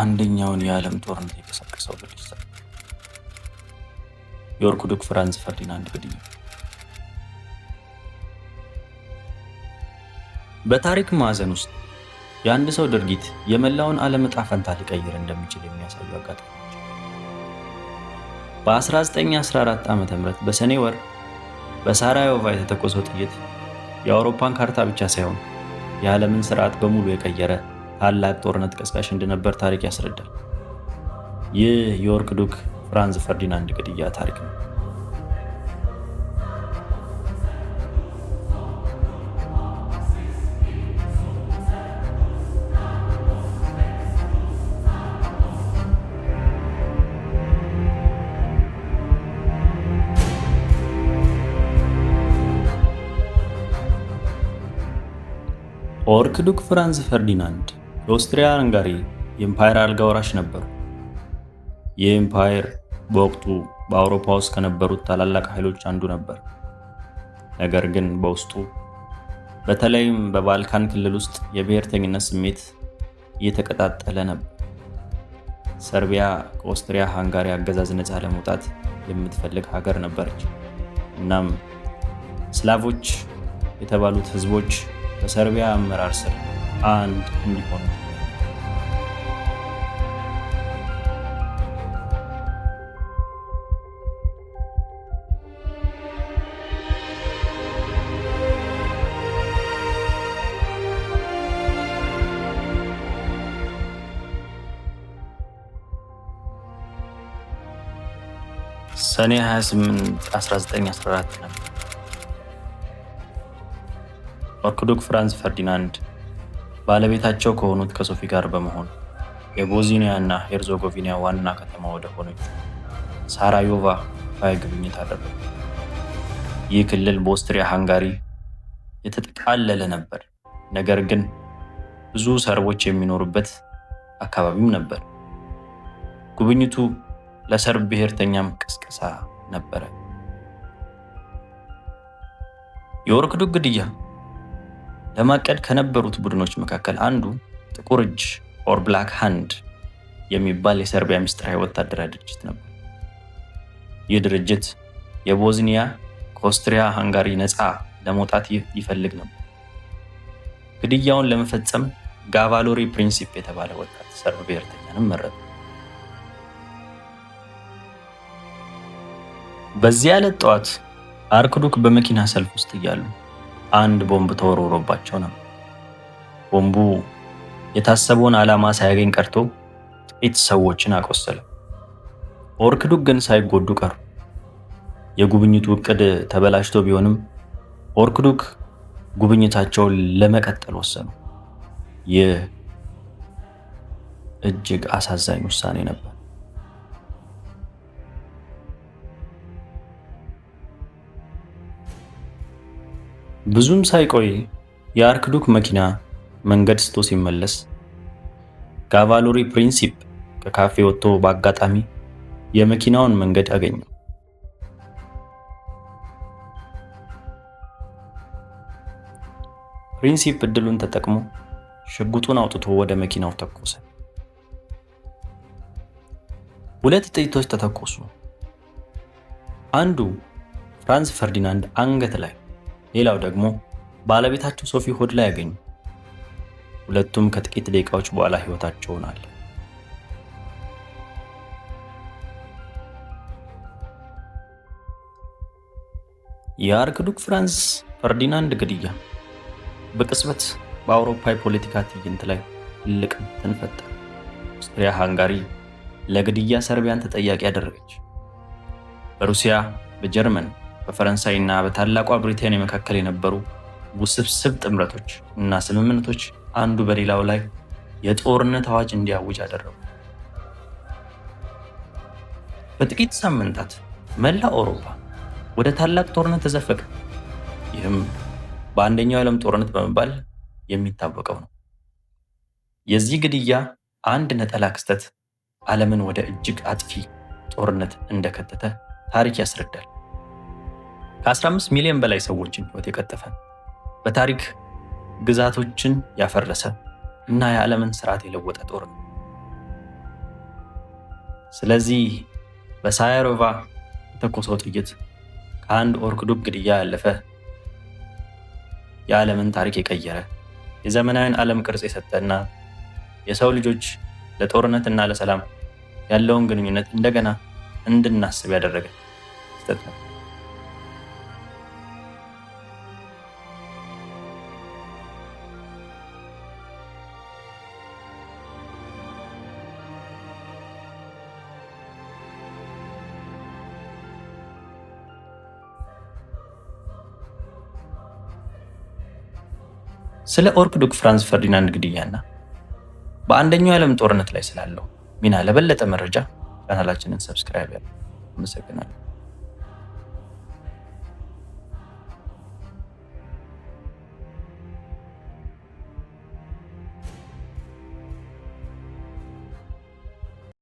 አንደኛውን የዓለም ጦርነት የቀሰቀሰው ግለሰብ የወርቁ ዱክ ፈርዲናንድ ግድያ በታሪክ ማዕዘን ውስጥ የአንድ ሰው ድርጊት የመላውን ዓለም ዕጣ ፈንታ ሊቀይር እንደሚችል የሚያሳዩ አጋጣሚዎች በ1914 ዓ ም በሰኔ ወር በሳራዮቫ የተተኮሰው ጥይት የአውሮፓን ካርታ ብቻ ሳይሆን የዓለምን ስርዓት በሙሉ የቀየረ ታላቅ ጦርነት ቀስቃሽ እንደነበር ታሪክ ያስረዳል። ይህ የወርቅ ዱክ ፍራንዝ ፈርዲናንድ ግድያ ታሪክ ነው። ኦርክዱክ ፍራንዝ ፈርዲናንድ የኦስትሪያ አንጋሪ የኤምፓየር አልጋ ወራሽ ነበሩ። ይህ ኢምፓየር በወቅቱ በአውሮፓ ውስጥ ከነበሩት ታላላቅ ኃይሎች አንዱ ነበር። ነገር ግን በውስጡ በተለይም በባልካን ክልል ውስጥ የብሔርተኝነት ስሜት እየተቀጣጠለ ነበር። ሰርቢያ ከኦስትሪያ ሃንጋሪ አገዛዝ ነፃ ለመውጣት የምትፈልግ ሀገር ነበረች። እናም ስላቮች የተባሉት ህዝቦች በሰርቢያ አመራር ስር and independent. ሰኔ 28 1914 ነበር። ኦርቶዶክ ፍራንስ ፈርዲናንድ ባለቤታቸው ከሆኑት ከሶፊ ጋር በመሆን እና ሄርዞጎቪኒያ ዋና ከተማ ወደ ሆነች ሳራዮቫ ፋይ ጉብኝት አደረጉ። ይህ ክልል በኦስትሪያ ሃንጋሪ የተጠቃለለ ነበር፣ ነገር ግን ብዙ ሰርቦች የሚኖሩበት አካባቢም ነበር። ጉብኝቱ ለሰርብ ብሔርተኛም ቅስቀሳ ነበረ። የወርክዱ ግድያ ለማቀድ ከነበሩት ቡድኖች መካከል አንዱ ጥቁር እጅ ኦር ብላክ ሃንድ የሚባል የሰርቢያ ምስጢራዊ ወታደራዊ ድርጅት ነበር። ይህ ድርጅት የቦዝኒያ ከኦስትሪያ ሃንጋሪ ነፃ ለመውጣት ይፈልግ ነበር። ግድያውን ለመፈጸም ጋቫሎሪ ፕሪንሲፕ የተባለ ወጣት ሰርብ ብሔርተኛንም መረጡ። በዚያ ዕለት ጠዋት አርክዱክ በመኪና ሰልፍ ውስጥ እያሉ አንድ ቦምብ ተወርውሮባቸው ነው። ቦምቡ የታሰበውን ዓላማ ሳያገኝ ቀርቶ ጥቂት ሰዎችን አቆሰለ። ኦርክዱክ ግን ሳይጎዱ ቀሩ። የጉብኝቱ እቅድ ተበላሽቶ ቢሆንም ኦርክዱክ ጉብኝታቸውን ለመቀጠል ወሰኑ። ይህ እጅግ አሳዛኝ ውሳኔ ነበር። ብዙም ሳይቆይ የአርክዱክ መኪና መንገድ ስቶ ሲመለስ ካቫሎሪ ፕሪንሲፕ ከካፌ ወጥቶ በአጋጣሚ የመኪናውን መንገድ አገኘው። ፕሪንሲፕ እድሉን ተጠቅሞ ሽጉጡን አውጥቶ ወደ መኪናው ተኮሰ። ሁለት ጥይቶች ተተኮሱ። አንዱ ፍራንስ ፈርዲናንድ አንገት ላይ ሌላው ደግሞ ባለቤታቸው ሶፊ ሆድ ላይ ያገኙ። ሁለቱም ከጥቂት ደቂቃዎች በኋላ ህይወታቸውን አለ። የአርክዱክ ፍራንስ ፈርዲናንድ ግድያ በቅጽበት በአውሮፓ የፖለቲካ ትዕይንት ላይ ትልቅ ምትን ፈጠረ። ኦስትሪያ ሃንጋሪ ለግድያ ሰርቢያን ተጠያቂ አደረገች። በሩሲያ በጀርመን በፈረንሳይና በታላቋ ብሪቴን መካከል የነበሩ ውስብስብ ጥምረቶች እና ስምምነቶች አንዱ በሌላው ላይ የጦርነት አዋጅ እንዲያውጅ አደረጉ። በጥቂት ሳምንታት መላ አውሮፓ ወደ ታላቅ ጦርነት ተዘፈቀ። ይህም በአንደኛው የዓለም ጦርነት በመባል የሚታወቀው ነው። የዚህ ግድያ አንድ ነጠላ ክስተት ዓለምን ወደ እጅግ አጥፊ ጦርነት እንደከተተ ታሪክ ያስረዳል። ከ15 ሚሊዮን በላይ ሰዎችን ህይወት የቀጠፈ በታሪክ ግዛቶችን ያፈረሰ እና የዓለምን ስርዓት የለወጠ ጦር ነው። ስለዚህ በሳያሮቫ የተኮሰው ጥይት ከአንድ ኦርክዶብ ግድያ ያለፈ የዓለምን ታሪክ የቀየረ የዘመናዊን ዓለም ቅርጽ የሰጠና የሰው ልጆች ለጦርነት እና ለሰላም ያለውን ግንኙነት እንደገና እንድናስብ ያደረገ ስህተት ነው። ስለ ኦርክዱክ ፍራንስ ፈርዲናንድ ግድያና በአንደኛው የዓለም ጦርነት ላይ ስላለው ሚና ለበለጠ መረጃ ቻናላችንን ሰብስክራይብ ያሉ። አመሰግናለሁ።